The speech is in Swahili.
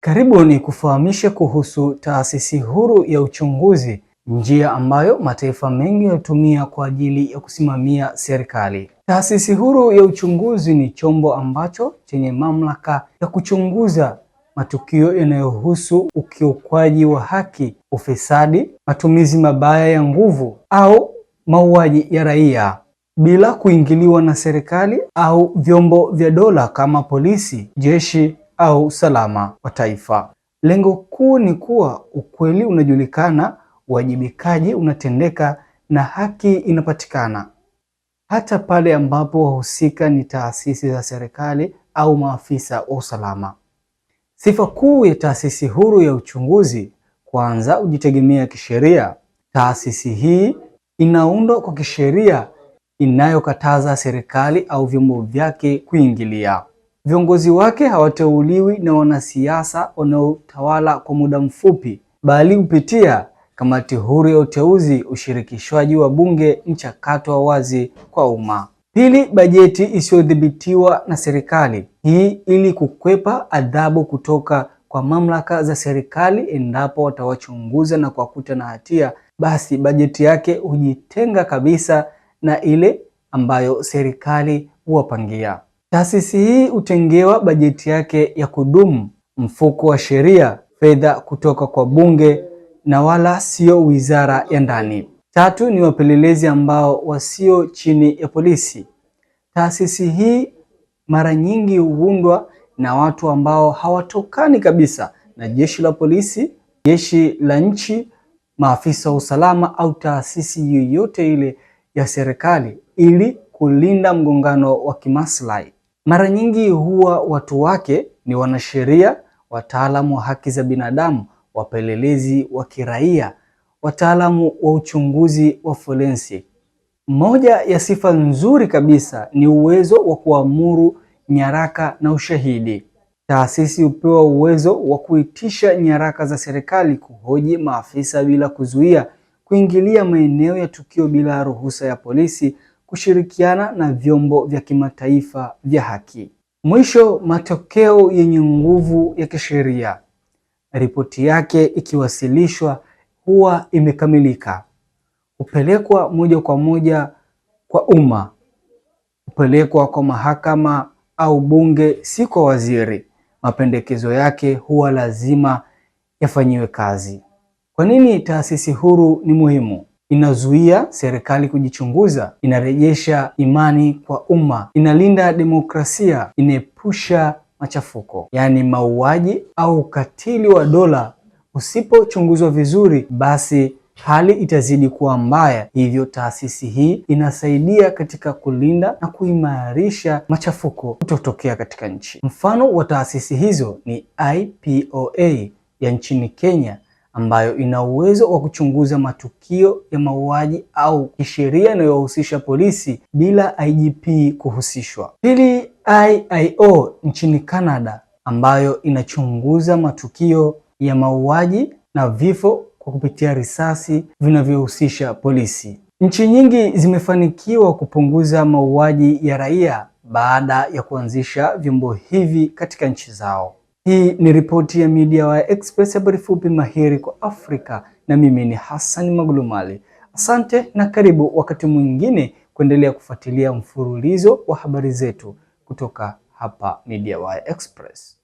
Karibu ni kufahamishe kuhusu taasisi huru ya uchunguzi, njia ambayo mataifa mengi hutumia kwa ajili ya kusimamia serikali. Taasisi huru ya uchunguzi ni chombo ambacho chenye mamlaka ya kuchunguza matukio yanayohusu ukiukwaji wa haki, ufisadi, matumizi mabaya ya nguvu au mauaji ya raia bila kuingiliwa na serikali au vyombo vya dola kama polisi, jeshi au usalama wa taifa. Lengo kuu ni kuwa ukweli unajulikana, uwajibikaji unatendeka na haki inapatikana, hata pale ambapo wahusika ni taasisi za serikali au maafisa wa usalama. Sifa kuu ya taasisi huru ya uchunguzi, kwanza, ujitegemea kisheria. Taasisi hii inaundwa kwa kisheria inayokataza serikali au vyombo vyake kuingilia. Viongozi wake hawateuliwi na wanasiasa wanaotawala kwa muda mfupi, bali hupitia kamati huru ya uteuzi, ushirikishwaji wa bunge, mchakato wa wazi kwa umma. Pili, bajeti isiyodhibitiwa na serikali. Hii ili kukwepa adhabu kutoka kwa mamlaka za serikali endapo watawachunguza na kuwakuta na hatia, basi bajeti yake hujitenga kabisa na ile ambayo serikali huwapangia. Taasisi hii hutengewa bajeti yake ya kudumu, mfuko wa sheria, fedha kutoka kwa bunge na wala sio wizara ya ndani. Tatu ni wapelelezi ambao wasio chini ya polisi. Taasisi hii mara nyingi huundwa na watu ambao hawatokani kabisa na jeshi la polisi, jeshi la nchi, maafisa wa usalama au taasisi yoyote ile ya serikali ili kulinda mgongano wa kimaslahi. Mara nyingi huwa watu wake ni wanasheria, wataalamu wa haki za binadamu, wapelelezi wa kiraia, wataalamu wa uchunguzi wa forensi. Moja ya sifa nzuri kabisa ni uwezo wa kuamuru nyaraka na ushahidi. Taasisi hupewa uwezo wa kuitisha nyaraka za serikali, kuhoji maafisa bila kuzuia, kuingilia maeneo ya tukio bila ruhusa ya polisi, kushirikiana na vyombo vya kimataifa vya haki. Mwisho, matokeo yenye nguvu ya kisheria. Ripoti yake ikiwasilishwa huwa imekamilika, hupelekwa moja kwa moja kwa umma, hupelekwa kwa mahakama au bunge, si kwa waziri. Mapendekezo yake huwa lazima yafanyiwe kazi. Kwa nini taasisi huru ni muhimu? inazuia serikali kujichunguza, inarejesha imani kwa umma, inalinda demokrasia, inaepusha machafuko, yaani mauaji au ukatili wa dola usipochunguzwa vizuri, basi hali itazidi kuwa mbaya. Hivyo taasisi hii inasaidia katika kulinda na kuimarisha machafuko kutotokea katika nchi. Mfano wa taasisi hizo ni IPOA ya nchini Kenya ambayo ina uwezo wa kuchunguza matukio ya mauaji au kisheria inayohusisha polisi bila IGP kuhusishwa. Pili, IIO nchini Canada ambayo inachunguza matukio ya mauaji na vifo kwa kupitia risasi vinavyohusisha polisi. Nchi nyingi zimefanikiwa kupunguza mauaji ya raia baada ya kuanzisha vyombo hivi katika nchi zao. Hii ni ripoti ya media wa Express, habari fupi mahiri kwa Afrika, na mimi ni Hassan Maglumali. Asante na karibu wakati mwingine kuendelea kufuatilia mfululizo wa habari zetu kutoka hapa media wa Express.